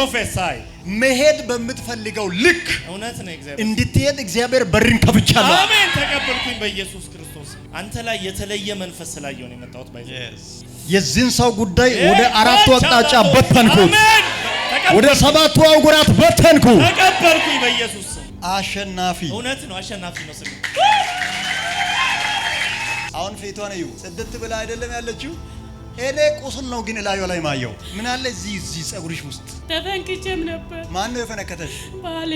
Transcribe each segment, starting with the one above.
ፕሮፌሳይ መሄድ በምትፈልገው ልክ እውነት ነው እግዚአብሔር እንድትሄድ እግዚአብሔር በርን ከፍቻለሁ። አሜን ተቀበልኩኝ። በኢየሱስ ክርስቶስ አንተ ላይ የተለየ መንፈስ ስላየሁ ነው የመጣሁት። የዚህን ሰው ጉዳይ ወደ አራቱ አቅጣጫ በተንኩት፣ ወደ ሰባቱ አውጉራት በተንኩ። ተቀበልኩኝ በኢየሱስ አሸናፊ እውነት ነው። አሸናፊ ነው። አሁን ፊቷን እዩ። ጽድት ብላ አይደለም ያለችው እኔ ቁስል ነው ግን ላዩ ላይ ማየው ምን አለ እዚህ እዚህ ጸጉርሽ ውስጥ ተፈንክቼም ነበር። ማን ነው የፈነከተሽ? ባሌ።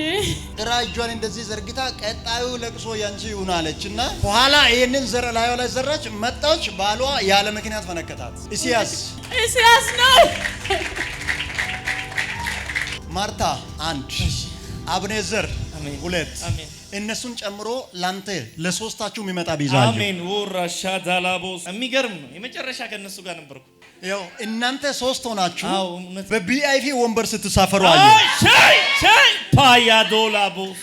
ግራ እጇን እንደዚህ ዘርግታ ቀጣዩ ለቅሶ ያንቺ ይሁናለች እና በኋላ ይሄንን ዘር ላዩ ላይ ዘራች፣ መጣች። ባሏ ያለ ምክንያት ፈነከታት። እስያስ እስያስ ነው ማርታ አንድ አብኔዘር ሁለት አሜን እነሱን ጨምሮ ላንተ ለሶስታችሁ የሚመጣ ቢዛ አሜን። ወራሻ ዳላቦስ የሚገርም ነው። የመጨረሻ ከነሱ ጋር ነበርኩ። ያው እናንተ ሶስት ሆናችሁ በቪአይፒ ወንበር ስትሳፈሩ አየ። ሸይ ሸይ ፓያ ዶላቦስ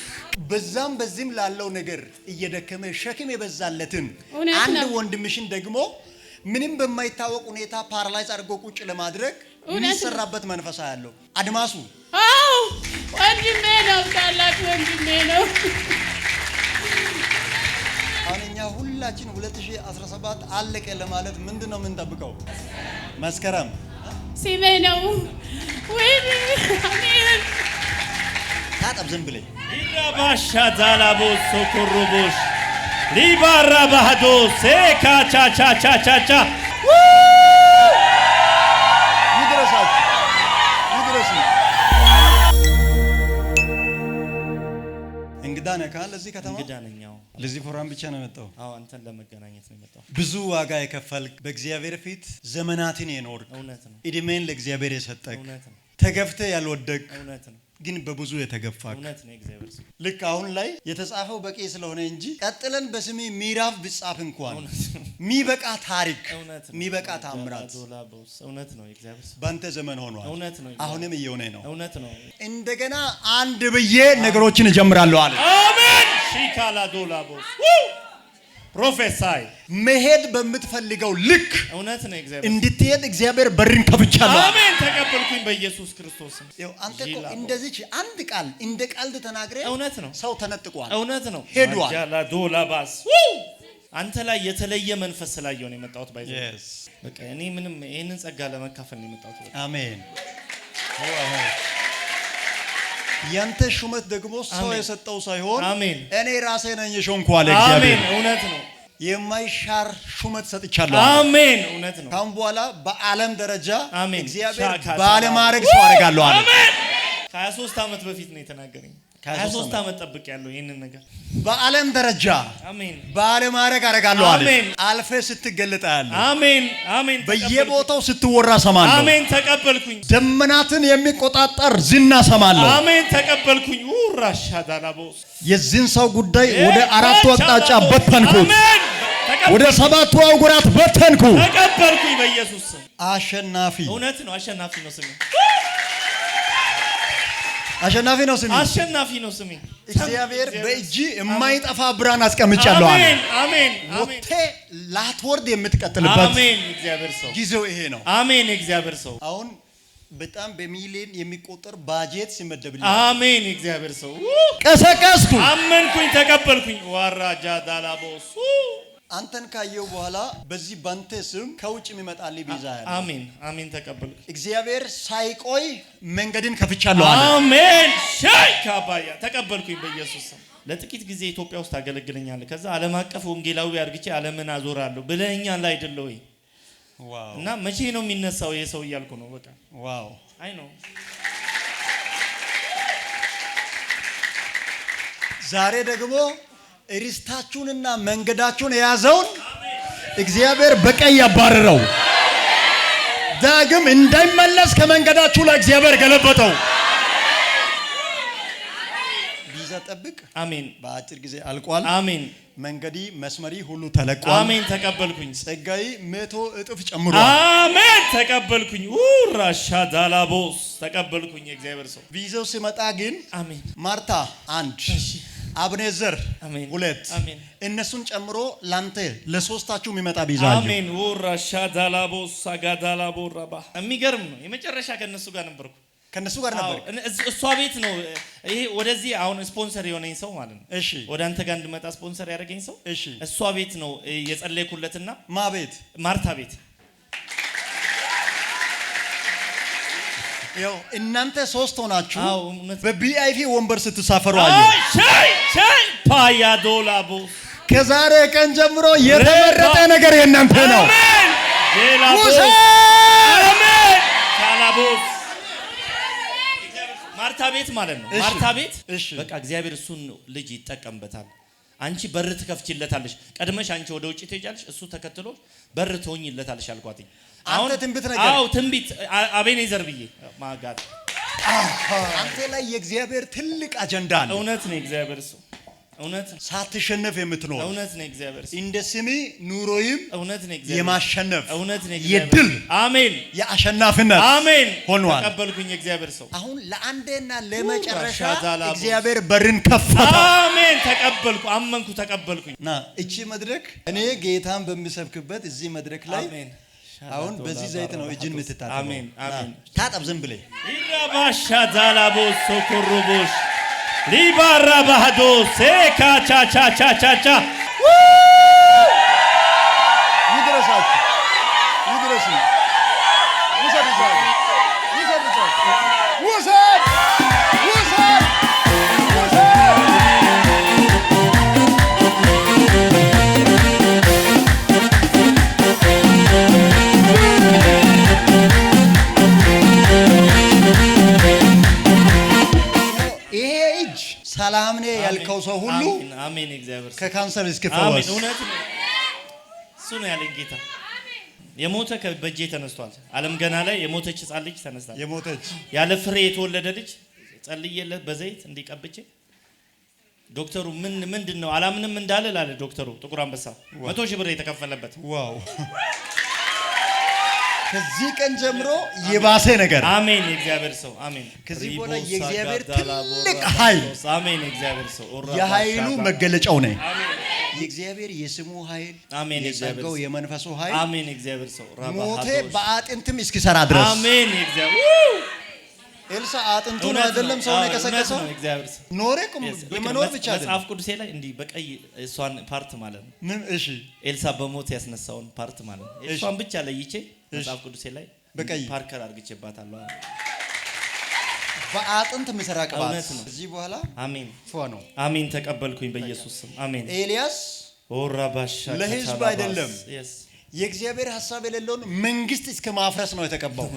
በዛም በዚህም ላለው ነገር እየደከመ ሸክም የበዛለትን አንድ ወንድምሽን ደግሞ ምንም በማይታወቅ ሁኔታ ፓራላይዝ አድርጎ ቁጭ ለማድረግ የሚሰራበት መንፈሳ ያለው አድማሱ ወንድሜ ነው፣ ታላቅ ወንድሜ ነው። አሁን እኛ ሁላችን 2017 አለቀ ለማለት ምንድን ነው የምንጠብቀው? መስከረም ሲሜ ነው ወይ ታጠብ ዝም ብለኝ ሪራባሻ ዛላቦ ሶኮሮቦሽ ሪባራ ባህዶ ሴካ ቻቻቻቻቻ እንግዳ ነህ ካል እዚህ ከተማ እንግዳ ነኝ። አዎ ለዚህ ፕሮግራም ብቻ ነው የመጣው። አዎ አንተን ለመገናኘት ነው የመጣው። ብዙ ዋጋ የከፈልክ በእግዚአብሔር ፊት ዘመናትን የኖርክ እውነት ነው። እድሜን ለእግዚአብሔር የሰጠክ እውነት ነው። ተገፍተህ ያልወደቅ እውነት ነው። ግን በብዙ የተገፋ ልክ አሁን ላይ የተጻፈው በቂ ስለሆነ እንጂ ቀጥለን በስሜ ሚራፍ ብጻፍ እንኳን ሚበቃ ታሪክ ሚበቃ ታምራት በአንተ ዘመን ሆኗል። አሁንም እየሆነ ነው። እንደገና አንድ ብዬ ነገሮችን እጀምራለሁ አለ። አሜን ሺካላ ዶላ ቦስ ፕሮፌሳይ መሄድ በምትፈልገው ልክ እውነት ነው። እግዚአብሔር እንድትሄድ እግዚአብሔር በርን ከፍቻለሁ። አሜን ተቀበልኩኝ በኢየሱስ ክርስቶስ ስም። አንተ እኮ እንደዚች አንድ ቃል እንደ ቀልድ ተናግሬ እውነት ነው። ሰው ተነጥቋል። እውነት ነው። ሄዷል። ዶላ ባስ አንተ ላይ የተለየ መንፈስ ስላየሁ ነው የመጣሁት። ባይ በቃ እኔ ምንም ይሄንን ጸጋ ለመካፈል ነው የመጣሁት። አሜን ያንተ ሹመት ደግሞ ሰው የሰጠው ሳይሆን እኔ ራሴ ነኝ የሾምኳለ እግዚአብሔር። እውነት ነው። የማይሻር ሹመት ሰጥቻለሁ። አሜን። እውነት ነው። ካሁን በኋላ በዓለም ደረጃ እግዚአብሔር ባለማድረግ ሰው አደርጋለሁ አለ። ከ23 ዓመት በፊት ነው የተናገረኝ። ከሶስት ዓመት ጠብቅ ያለው ይህንን ነገር በዓለም ደረጃ ባለ ማድረግ አረጋለሁ አለ። አልፌ ስትገለጣል። አሜን አሜን። በየቦታው ስትወራ ሰማለሁ። አሜን ተቀበልኩኝ። ደመናትን የሚቆጣጠር ዝና ሰማለሁ። አሜን ተቀበልኩኝ። ራሻዳላቦ የዚህን ሰው ጉዳይ ወደ አራቱ አቅጣጫ በተንኩ፣ ወደ ሰባቱ አውጉራት በተንኩ። ተቀበልኩኝ በኢየሱስ ስም። አሸናፊ እውነት ነው። አሸናፊ ነው ስሜ አሸናፊ ነው ስሜ፣ አሸናፊ ነው ስሜ። እግዚአብሔር በእጅ የማይጠፋ ብርሃን አስቀምጫለሁ። አሜን፣ አሜን፣ አሜን። ላትወርድ የምትቀጥልበት አሜን። እግዚአብሔር ሰው ጊዜው ይሄ ነው። አሜን። እግዚአብሔር ሰው አሁን በጣም በሚሊዮን የሚቆጠር ባጀት ሲመደብልኝ፣ አሜን። እግዚአብሔር ሰው ቀሰቀስኩ፣ አመንኩኝ፣ ተቀበልኩኝ። ዋራጃ ዳላቦሱ አንተን ካየው በኋላ በዚህ ባንተ ስም ከውጭ የሚመጣል ቤዛ ያለ። አሜን አሜን። ተቀበልኩ። እግዚአብሔር ሳይቆይ መንገድን ከፍቻለሁ አለ። አሜን ሻይ ካባያ ተቀበልኩኝ። በኢየሱስ ስም ለጥቂት ጊዜ ኢትዮጵያ ውስጥ አገለግለኛለሁ። ከዛ ዓለም አቀፍ ወንጌላዊ አድርግቼ ዓለምን አዞራለሁ ብለኸኛል አይደለ ወይ? እና መቼ ነው የሚነሳው ይሄ ሰው እያልኩ ነው። በቃ ዋው አይ ነው ዛሬ ደግሞ ርስታችሁንና መንገዳችሁን የያዘውን እግዚአብሔር በቀይ ያባረረው፣ ዳግም እንዳይመለስ ከመንገዳችሁ ላይ እግዚአብሔር ገለበጠው። ቪዛ ጠብቅ። አሜን። በአጭር ጊዜ አልቋል። አሜን። መንገዲ መስመሪ ሁሉ ተለቋል። አሜን። ተቀበልኩኝ። ጸጋይ መቶ እጥፍ ጨምሯል። አሜን። ተቀበልኩኝ። ራሻ ዳላቦስ ተቀበልኩኝ። እግዚአብሔር ሰው ቪዛው ሲመጣ ግን አሜን። ማርታ አንድ አብኔዘር ሁለት እነሱን ጨምሮ ላንተ ለሶስታችሁ የሚመጣ ቤዛ አሜን ሳጋዳላቦ የሚገርም ነው። የመጨረሻ ከነሱ ጋር ነበርኩ ከነሱ ጋር ነበር። እሷ ቤት ነው ይሄ ወደዚህ አሁን ስፖንሰር የሆነኝ ሰው ማለት ነው። እሺ ወደ አንተ ጋር እንድመጣ ስፖንሰር ያደረገኝ ሰው እሺ፣ እሷ ቤት ነው የጸለይኩለትና ማ ቤት ማርታ ቤት ያው እናንተ ሶስት ሆናችሁ በቪአይፒ ወንበር ስትሳፈሩ አየሁ። ፓያዶላቦ ከዛሬ ቀን ጀምሮ የተመረጠ ነገር የእናንተ ነው። ማርታ ቤት ማለት ነው። ማርታ ቤት በቃ እግዚአብሔር እሱን ልጅ ይጠቀምበታል። አንቺ በር ትከፍችለታለሽ። ቀድመሽ አንቺ ወደ ውጭ ትሄጃለሽ፣ እሱ ተከትሎ በር ትሆኝለታለሽ አልኳትኝ። አንተ ትንቢት ነገር አዎ ትንቢት አቤኔዘር ብዬ ማጋት አንተ ላይ የእግዚአብሔር ትልቅ አጀንዳ ነው። እውነት ነው እግዚአብሔር እሱ እውነት ሳትሸነፍ የምትኖር እውነት ነው እግዚአብሔር እሱ እንደ ስሜ ኑሮይም እውነት ነው እግዚአብሔር የማሸነፍ እውነት ነው የድል አሜን የአሸናፊነት አሜን ሆኗል። ተቀበልኩኝ እግዚአብሔር ሰው አሁን ለአንዴና ለመጨረሻ እግዚአብሔር በርን ከፈታ አሜን ተቀበልኩ፣ አመንኩ፣ ተቀበልኩኝ። ና እቺ መድረክ እኔ ጌታን በሚሰብክበት እዚህ መድረክ ላይ አሜን አሁን በዚህ ዘይት ነው እጅን የምትታጠበው። አሜን አሜን። ታጠብ ዝም ብለህ ይራባሻ ዛላቦ ሶኮሮቦሽ ሊባራ ባህዶ ሴካ ቻ ልጅ ሰላም ነህ ያልከው ሰው ሁሉ ከካንሰር እስኪፈወስ ጌታ የሞተ በእጄ ተነስቷል። ዓለም ገና ላይ የሞተች ሕፃን ልጅ ተነስታል። የሞተች ያለ ፍሬ የተወለደ ልጅ ጸልዬለት በዘይት እንዲቀብቼ ዶክተሩ ምን ምንድን ነው አላምንም እንዳለ ላለ ዶክተሩ ጥቁር አንበሳ መቶ ሺህ ብር የተከፈለበት ዋው ከዚህ ቀን ጀምሮ የባሰ ነገር አሜን። የእግዚአብሔር ሰው አሜን። ከዚህ በኋላ የእግዚአብሔር ትልቅ ኃይል አሜን። የእግዚአብሔር ሰው የኃይሉ መገለጫው ነው። የእግዚአብሔር የስሙ ኃይል አሜን። የጸጋው የመንፈሱ ኃይል አሜን። የእግዚአብሔር ሰው ሞቴ በአጥንትም እስኪሰራ ድረስ አሜን። የእግዚአብሔር ኤልሳ አጥንቱ ነው አይደለም ሰው ነው የቀሰቀሰው። ኖሬ መኖር ብቻ መጽሐፍ ቅዱሴ ላይ እንዲህ በቀይ እሷን ፓርት ማለት ነው። ምን እሺ፣ ኤልሳ በሞት ያስነሳውን ፓርት ማለት ነው። እሷን ብቻ ለይቼ መጽሐፍ ቅዱሴ ላይ በቀይ ፓርከር አድርግቼባታለሁ። በአጥንት ምሰራ ቅባት ነው። እዚህ በኋላ አሜን ነው። አሜን ተቀበልኩኝ በኢየሱስ ስም አሜን። ኤልያስ ወራባሻ ለህዝብ አይደለም የእግዚአብሔር ሀሳብ የሌለውን መንግስት እስከ ማፍረስ ነው የተቀባው።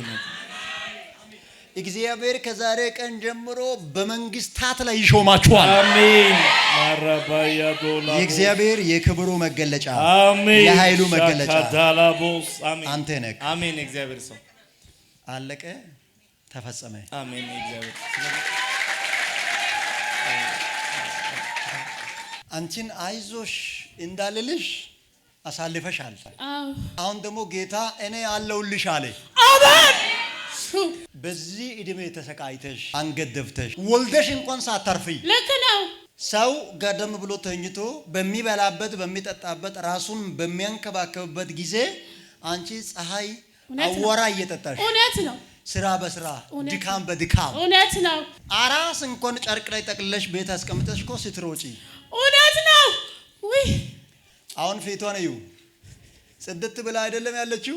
እግዚአብሔር ከዛሬ ቀን ጀምሮ በመንግስታት ላይ ይሾማችኋል። አሜን። የእግዚአብሔር የክብሩ መገለጫ፣ የኃይሉ መገለጫ አንተ ነህ። አሜን። እግዚአብሔር ሰው አለቀ፣ ተፈጸመ። አሜን። እግዚአብሔር አንቺን አይዞሽ እንዳልልሽ አሳልፈሻል። አሁን ደግሞ ጌታ እኔ አለሁልሽ አለ። አሜን በዚህ እድሜ ተሰቃይተሽ አንገት ደፍተሽ ወልደሽ እንኳን ሳታርፍይ ልክ ነው። ሰው ገደም ብሎ ተኝቶ በሚበላበት በሚጠጣበት ራሱን በሚያንከባከብበት ጊዜ አንቺ ፀሐይ አወራ እየጠጣሽ እውነት ነው። ስራ በስራ ድካም በድካም እውነት ነው። አራስ እንኳን ጨርቅ ላይ ጠቅለሽ ቤት አስቀምጠሽ እኮ ስትሮጪ እውነት ነው። አሁን ፊቷን እዩ። ጽድት ብላ አይደለም ያለችው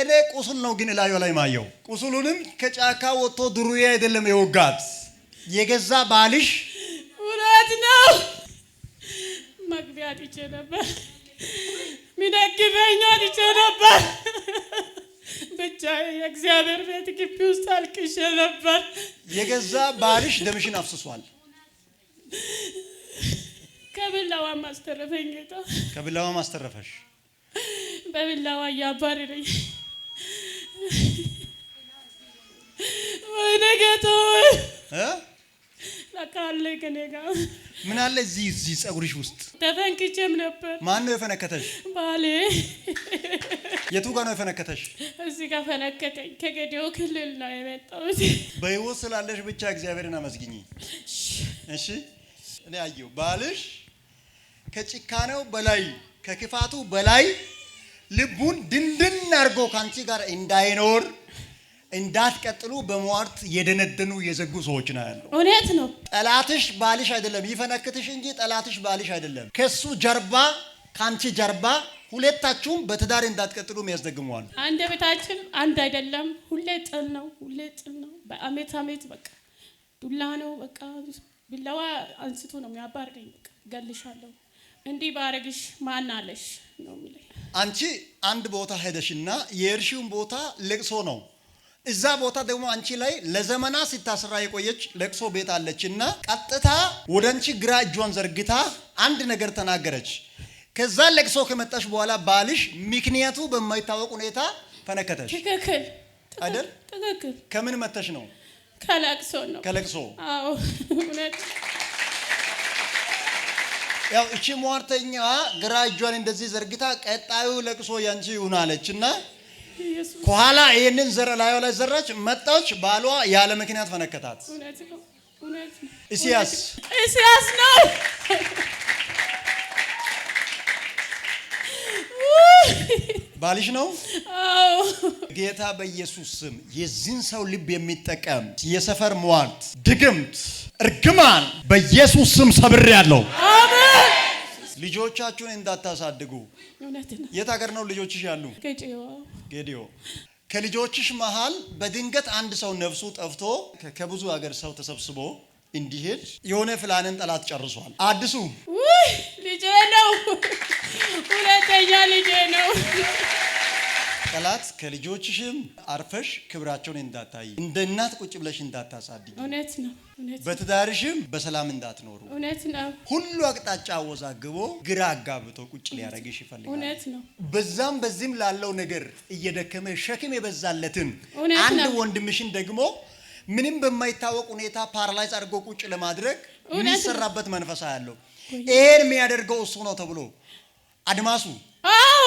እኔ ቁስል ነው ግን እላዩ ላይ ማየው። ቁስሉንም ከጫካ ወጥቶ ድሩዬ አይደለም የወጋት የገዛ ባልሽ እውነት ነው። መግቢያ አጥቼ ነበር፣ ሚደግፈኛ አጥቼ ነበር። ብቻ የእግዚአብሔር ቤት ግቢ ውስጥ አልቅሼ ነበር። የገዛ ባልሽ ደምሽን አፍስሷል። ከብላዋ ማስተረፈኝ ጌታ፣ ከብላዋ ማስተረፈሽ፣ በብላዋ እያባረረኝ ወይ ከኔ ጋር ምን አለ እዚህ እዚህ ጸጉርሽ ውስጥ ተፈንክቼም ነበር። ማን ነው የፈነከተሽ? ባሌ። የቱ ጋር ነው የፈነከተሽ? እዚህ ጋር ፈነከተኝ። ክልል ነው የመጣሁት። በህይወት ስላለሽ ብቻ እግዚአብሔርን አመስግኝ። እሺ እኔ አየሁ ባልሽ ከጭካኔው በላይ ከክፋቱ በላይ ልቡን ድንድን አድርጎ ከአንቺ ጋር እንዳይኖር እንዳትቀጥሉ በሟርት የደነደኑ የዘጉ ሰዎች ነው ያለው። እውነት ነው። ጠላትሽ ባልሽ አይደለም፣ ይፈነክትሽ እንጂ ጠላትሽ ባልሽ አይደለም። ከሱ ጀርባ ከአንቺ ጀርባ ሁለታችሁም በትዳር እንዳትቀጥሉ የሚያስደግመዋል። አንድ ቤታችን አንድ አይደለም። ሁሌ ጥል ነው፣ ሁሌ ጥል ነው። በአሜት አሜት በቃ ዱላ ነው። በቃ ቢላዋ አንስቶ ነው የሚያባርደኝ። ገልሻለሁ፣ እንዲህ ባረግሽ ማን አለሽ ነው የሚለኝ። አንቺ አንድ ቦታ ሄደሽና የእርሺውን ቦታ ለቅሶ ነው እዛ ቦታ ደግሞ አንቺ ላይ ለዘመና ስታስራ የቆየች ለቅሶ ቤት አለች እና ቀጥታ ወደ አንቺ ግራ እጇን ዘርግታ አንድ ነገር ተናገረች። ከዛ ለቅሶ ከመጣሽ በኋላ ባልሽ ምክንያቱ በማይታወቅ ሁኔታ ፈነከተሽ። ትክክል አይደል? ትክክል። ከምን መተሽ ነው? ከለቅሶ ነው። ከለቅሶ አዎ። ያው እቺ ሟርተኛ ግራ እጇን እንደዚህ ዘርግታ ቀጣዩ ለቅሶ ያንቺ ይሁን አለች እና ከኋላ ይህንን ዘረ ላዩ ላይ ዘራች፣ መጣች። ባሏ ያለ ምክንያት ፈነከታት። ኢሳያስ ኢሳያስ ነው። ባልሽ ነው። ጌታ በኢየሱስ ስም የዚህን ሰው ልብ የሚጠቀም የሰፈር ሟርት፣ ድግምት፣ እርግማን በኢየሱስ ስም ሰብሬ ያለው አሜን። ልጆቻችሁን እንዳታሳድጉ። የት ሀገር ነው ልጆችሽ ያሉ? ጌዲዮ። ከልጆችሽ መሀል በድንገት አንድ ሰው ነፍሱ ጠፍቶ ከብዙ ሀገር ሰው ተሰብስቦ እንዲሄድ የሆነ ፍላንን ጠላት ጨርሷል። አዲሱ ልጄ ነው፣ ሁለተኛ ልጄ ነው። ጠላት ከልጆችሽም አርፈሽ ክብራቸውን እንዳታይ እንደ እናት ቁጭ ብለሽ እንዳታሳድግ። እውነት ነው። በትዳርሽም በሰላም እንዳትኖሩ፣ እውነት ነው። ሁሉ አቅጣጫ አወዛግቦ ግራ አጋብቶ ቁጭ ሊያደርግሽ ይፈልጋል፣ እውነት ነው። በዛም በዚህም ላለው ነገር እየደከመ ሸክም የበዛለትን አንድ ወንድምሽን ደግሞ ምንም በማይታወቅ ሁኔታ ፓራላይዝ አድርጎ ቁጭ ለማድረግ የሚሰራበት መንፈሳ ያለው ይሄን የሚያደርገው እሱ ነው ተብሎ አድማሱ አዎ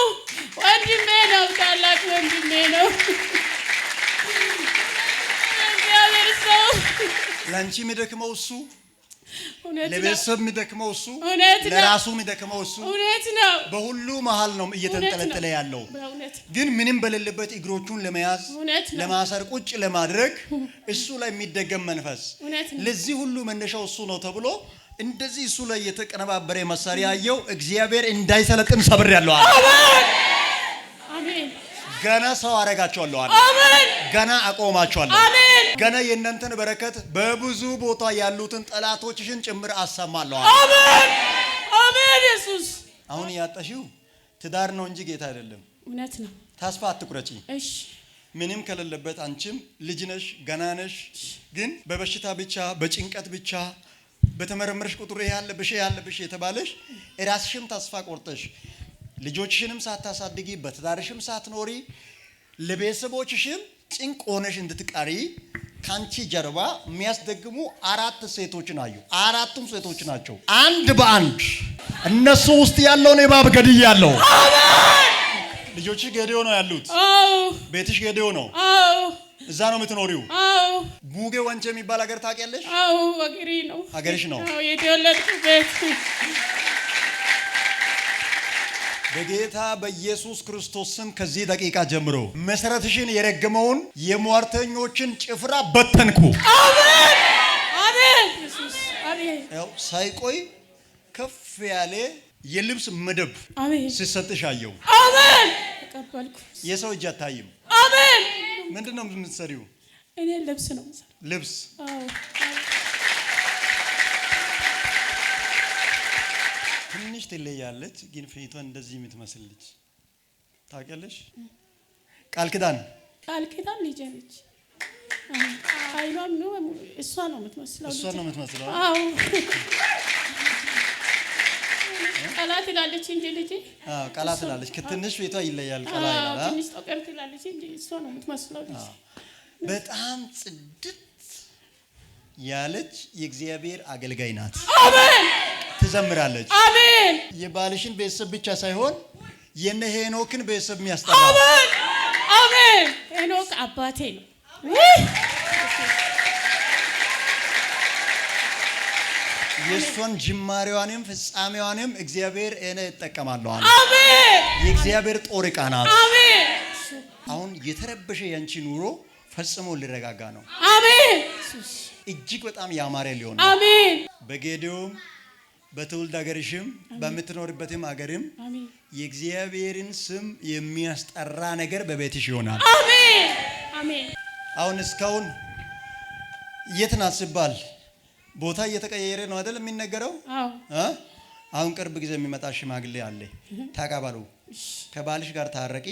ወንድሜ ነው፣ ታላቅ ወንድሜ ነው። እግዚአብሔር ሰው ለአንቺ የሚደክመው እሱ ለቤተሰብ የሚደክመው እሱ ለራሱ የሚደክመው እሱ ነው። በሁሉ መሀል ነው እየተንጠለጠለ ያለው። ግን ምንም በሌለበት እግሮቹን ለመያዝ ለማሰር ቁጭ ለማድረግ እሱ ላይ የሚደገም መንፈስ ለዚህ ሁሉ መነሻው እሱ ነው ተብሎ እንደዚህ እሱ ላይ የተቀነባበረ መሳሪያ ያየው እግዚአብሔር እንዳይሰለጥን ሰብር ያለዋል። ገና ሰው አረጋቸዋለሁ ገና አቆማቸዋለሁ። ገና የእናንተን በረከት በብዙ ቦታ ያሉትን ጠላቶችሽን ጭምር አሰማለሁ አሜን ኢየሱስ አሁን ያጠሽው ትዳር ነው እንጂ ጌታ አይደለም። እውነት ነው። ተስፋ አትቁረጪ። እሺ ምንም ከሌለበት አንቺም ልጅ ነሽ፣ ገና ነሽ። ግን በበሽታ ብቻ በጭንቀት ብቻ በተመረመርሽ ቁጥር ይሄ አለ ብሽ ያለ የተባለሽ ራስሽን ተስፋ ቆርጠሽ ልጆችሽንም ሳታሳድጊ በትዳርሽም ሳትኖሪ ለቤተሰቦችሽም ጭንቅ ሆነሽ እንድትቀሪ ካንቺ ጀርባ የሚያስደግሙ አራት ሴቶች ናዩ። አራቱም ሴቶች ናቸው አንድ በአንድ እነሱ ውስጥ ያለውን እባብ ገድያለሁ። ልጆችሽ ገዴው ነው ያሉት፣ ቤትሽ ገዴው ነው። እዛ ነው የምትኖሪው? አዎ። ቡጌ ወንቼ የሚባል ሀገር ታውቂያለሽ? አዎ፣ ነው። ሀገርሽ ነው? አዎ፣ የተወለድኩበት። በጌታ በኢየሱስ ክርስቶስ ስም ከዚህ ደቂቃ ጀምሮ መሰረትሽን የረገመውን የሟርተኞችን ጭፍራ በተንኩ። ሳይቆይ ከፍ ያለ የልብስ መደብ ሲሰጥሽ አየው። አሜን። የሰው እጅ አታይም። አሜን ምንድን ነው የምትሰሪው? እኔ ልብስ ነው የምሰራው። ልብስ ትንሽ ትለያለች፣ ግን ፊቷን እንደዚህ የምትመስል ልጅ ታውቂያለሽ? ቃል ኪዳን ቃል ኪዳን ልጄ ነች። አይሏም ነው እሷ ነው የምትመስለው። እሷ ነው የምትመስለው። አዎ ቀላ ትላለች እንጂ ልጄ ትላለች። ትንሽ ቤቷ ይለያል። ትንሽ ትላለች እንጂ እሷ ነው የምትመስለው። በጣም ጽድት ያለች የእግዚአብሔር አገልጋይ ናት። አሜን። ትዘምራለች። አሜን። የባልሽን ቤተሰብ ብቻ ሳይሆን የነ ሄኖክን ቤተሰብ የሚያስጠራ አሜን። ሄኖክ አባቴ ነው። የእሷን ጅማሬዋንም ፍጻሜዋንም እግዚአብሔር እኔ እጠቀማለሁ አለ። አሜን። የእግዚአብሔር ጦር ዕቃ ናት። አሜን። አሁን የተረበሸ ያንቺ ኑሮ ፈጽሞ ሊረጋጋ ነው። አሜን። እጅግ በጣም ያማረ ሊሆን ነው። አሜን። በጌዴዎም በትውልድ ሀገርሽም በምትኖርበትም ሀገርም የእግዚአብሔርን ስም የሚያስጠራ ነገር በቤትሽ ይሆናል። አሜን። አሁን እስካሁን የት ናት ስባል ቦታ እየተቀየረ ነው አይደል የሚነገረው? አሁን ቅርብ ጊዜ የሚመጣ ሽማግሌ አለ። ተቀበሉ። ከባልሽ ጋር ታረቂ።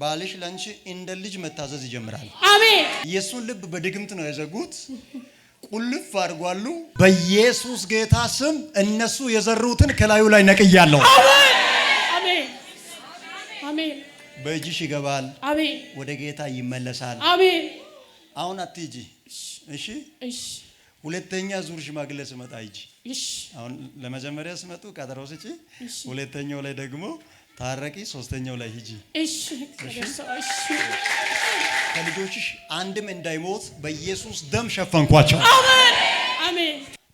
ባልሽ ለአንቺ እንደ ልጅ መታዘዝ ይጀምራል። አሜን። የእሱን ልብ በድግምት ነው የዘጉት፣ ቁልፍ አድርጓሉ። በኢየሱስ ጌታ ስም እነሱ የዘሩትን ከላዩ ላይ ነቅያለሁ። በእጅሽ ይገባል። አሜን። ወደ ጌታ ይመለሳል። አሜን። አሁን አትሂጂ። እሺ፣ እሺ ሁለተኛ ዙር ሽማግሌ ስመጣ ይጂ አሁን ለመጀመሪያ ስመጡ ቀጠሮ ስጪ፣ ሁለተኛው ላይ ደግሞ ታረቂ፣ ሶስተኛው ላይ ሂጂ። ከልጆችሽ አንድም እንዳይሞት በኢየሱስ ደም ሸፈንኳቸው።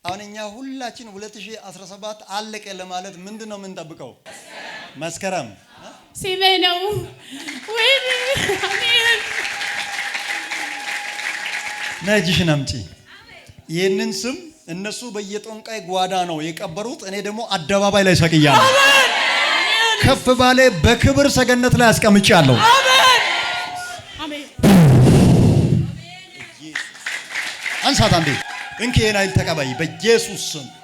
አሁን እኛ ሁላችን 2017 አለቀ ለማለት ምንድን ነው የምንጠብቀው? መስከረም ሲሜ ነው። ነይ አምጪ ይህንን ስም እነሱ በየጠንቋይ ጓዳ ነው የቀበሩት። እኔ ደግሞ አደባባይ ላይ ሰቅያለሁ። ከፍ ባለ በክብር ሰገነት ላይ አስቀምጫለሁ። አንሳት አንዴ እንኪ ይህን አይል ተቀበይ በኢየሱስ ስም